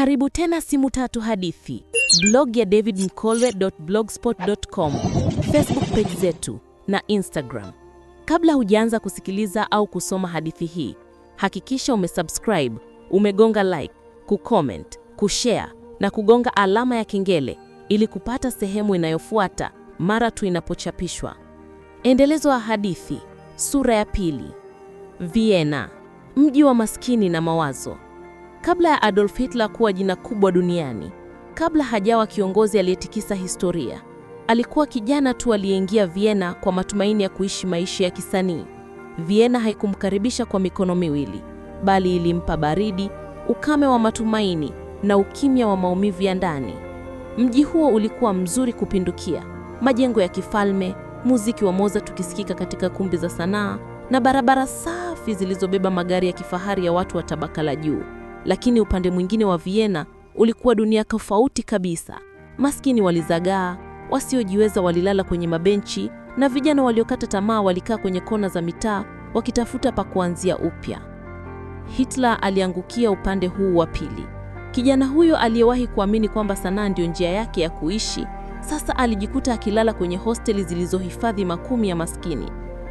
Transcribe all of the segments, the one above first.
Karibu tena Simu Tatu Hadithi, blog ya David Mkolwe.blogspot.com, Facebook page zetu na Instagram. Kabla hujaanza kusikiliza au kusoma hadithi hii, hakikisha umesubscribe, umegonga like, kucomment, kushare na kugonga alama ya kengele ili kupata sehemu inayofuata mara tu inapochapishwa. Endelezo wa hadithi, sura ya pili. Vienna, mji wa maskini na mawazo. Kabla ya Adolf Hitler kuwa jina kubwa duniani, kabla hajawa kiongozi aliyetikisa historia, alikuwa kijana tu aliyeingia Vienna kwa matumaini ya kuishi maisha ya kisanii. Vienna haikumkaribisha kwa mikono miwili, bali ilimpa baridi, ukame wa matumaini na ukimya wa maumivu ya ndani. Mji huo ulikuwa mzuri kupindukia, majengo ya kifalme, muziki wa Mozart ukisikika katika kumbi za sanaa na barabara safi zilizobeba magari ya kifahari ya watu wa tabaka la juu lakini upande mwingine wa Vienna ulikuwa dunia tofauti kabisa. Maskini walizagaa, wasiojiweza walilala kwenye mabenchi, na vijana waliokata tamaa walikaa kwenye kona za mitaa wakitafuta pa kuanzia upya. Hitler aliangukia upande huu wa pili. Kijana huyo aliyewahi kuamini kwamba sanaa ndiyo njia yake ya kuishi, sasa alijikuta akilala kwenye hosteli zilizohifadhi makumi ya maskini.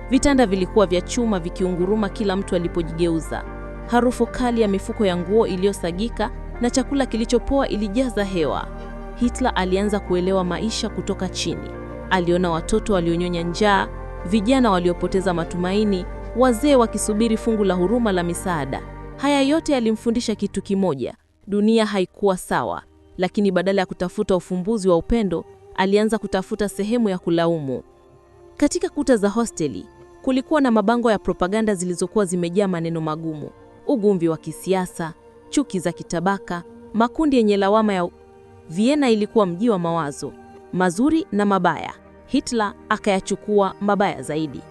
Vitanda vilikuwa vya chuma vikiunguruma kila mtu alipojigeuza harufu kali ya mifuko ya nguo iliyosagika na chakula kilichopoa ilijaza hewa. Hitler alianza kuelewa maisha kutoka chini. Aliona watoto walionyonya njaa, vijana waliopoteza matumaini, wazee wakisubiri fungu la huruma la misaada. Haya yote yalimfundisha kitu kimoja: dunia haikuwa sawa. Lakini badala ya kutafuta ufumbuzi wa upendo, alianza kutafuta sehemu ya kulaumu. Katika kuta za hosteli kulikuwa na mabango ya propaganda zilizokuwa zimejaa maneno magumu ugomvi wa kisiasa, chuki za kitabaka, makundi yenye lawama ya... Vienna ilikuwa mji wa mawazo mazuri na mabaya. Hitler akayachukua mabaya zaidi.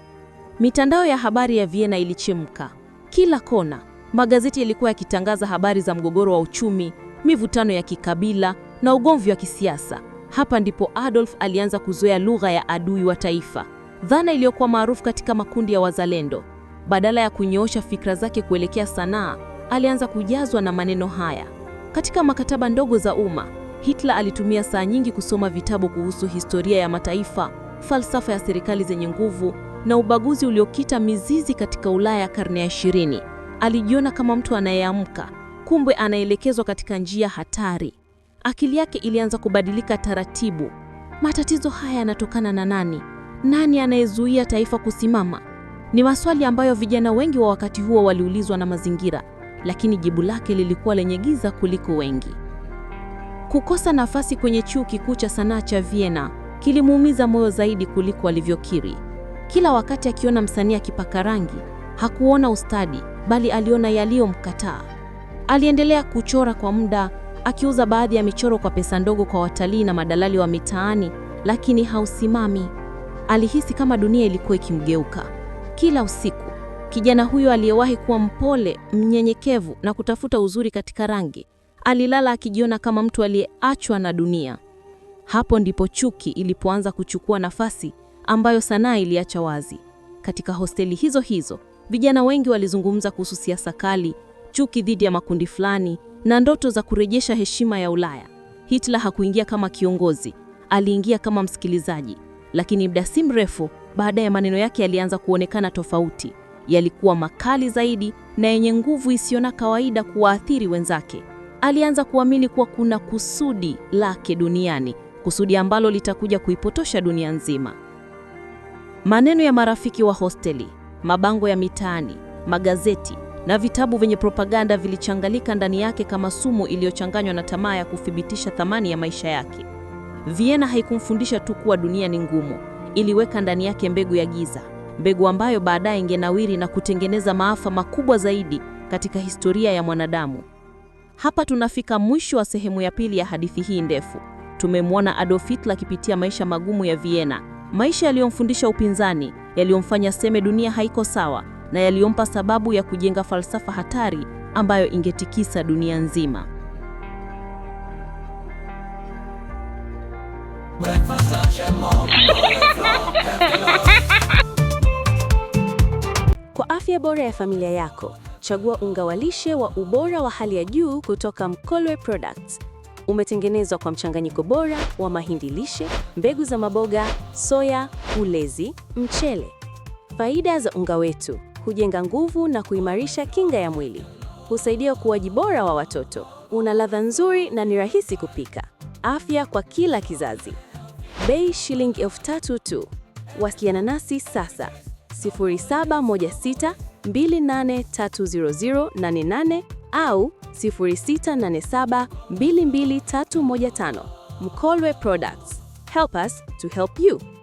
Mitandao ya habari ya Vienna ilichemka kila kona. Magazeti yalikuwa yakitangaza habari za mgogoro wa uchumi, mivutano ya kikabila na ugomvi wa kisiasa. Hapa ndipo Adolf alianza kuzoea lugha ya adui wa taifa, dhana iliyokuwa maarufu katika makundi ya wazalendo. Badala ya kunyoosha fikra zake kuelekea sanaa, alianza kujazwa na maneno haya. Katika makataba ndogo za umma, Hitler alitumia saa nyingi kusoma vitabu kuhusu historia ya mataifa, falsafa ya serikali zenye nguvu na ubaguzi uliokita mizizi katika Ulaya ya karne ya ishirini. Alijiona kama mtu anayeamka, kumbe anaelekezwa katika njia hatari. Akili yake ilianza kubadilika taratibu. Matatizo haya yanatokana na nani? Nani anayezuia taifa kusimama? Ni maswali ambayo vijana wengi wa wakati huo waliulizwa na mazingira, lakini jibu lake lilikuwa lenye giza kuliko wengi. Kukosa nafasi kwenye chuo kikuu cha sanaa cha Vienna kilimuumiza moyo zaidi kuliko alivyokiri. Kila wakati akiona msanii akipaka rangi, hakuona ustadi, bali aliona yaliyomkataa. Aliendelea kuchora kwa muda, akiuza baadhi ya michoro kwa pesa ndogo kwa watalii na madalali wa mitaani, lakini hausimami. Alihisi kama dunia ilikuwa ikimgeuka. Kila usiku kijana huyo aliyewahi kuwa mpole, mnyenyekevu na kutafuta uzuri katika rangi alilala akijiona kama mtu aliyeachwa na dunia. Hapo ndipo chuki ilipoanza kuchukua nafasi ambayo sanaa iliacha wazi. Katika hosteli hizo hizo, vijana wengi walizungumza kuhusu siasa kali, chuki dhidi ya makundi fulani na ndoto za kurejesha heshima ya Ulaya. Hitler hakuingia kama kiongozi, aliingia kama msikilizaji, lakini muda si mrefu baada ya maneno yake yalianza kuonekana tofauti, yalikuwa makali zaidi na yenye nguvu isiyo na kawaida kuwaathiri wenzake. Alianza kuamini kuwa kuna kusudi lake duniani, kusudi ambalo litakuja kuipotosha dunia nzima. Maneno ya marafiki wa hosteli, mabango ya mitaani, magazeti na vitabu vyenye propaganda vilichangalika ndani yake kama sumu iliyochanganywa na tamaa ya kuthibitisha thamani ya maisha yake. Vienna haikumfundisha tu kuwa dunia ni ngumu, iliweka ndani yake mbegu ya giza, mbegu ambayo baadaye ingenawiri na kutengeneza maafa makubwa zaidi katika historia ya mwanadamu. Hapa tunafika mwisho wa sehemu ya pili ya hadithi hii ndefu. Tumemwona Adolf Hitler akipitia maisha magumu ya Vienna, maisha yaliyomfundisha upinzani, yaliyomfanya seme dunia haiko sawa, na yaliyompa sababu ya kujenga falsafa hatari ambayo ingetikisa dunia nzima. Kwa afya bora ya familia yako, chagua unga wa lishe wa ubora wa hali ya juu kutoka Mkolwe Products. Umetengenezwa kwa mchanganyiko bora wa mahindi lishe, mbegu za maboga, soya, ulezi, mchele. Faida za unga wetu: hujenga nguvu na kuimarisha kinga ya mwili, husaidia ukuaji bora wa watoto, una ladha nzuri na ni rahisi kupika. Afya kwa kila kizazi bei shilingi elfu tatu tu. Wasiliana nasi sasa 0716283088 au 0687223115. Mkolwe Products. Help us to help you.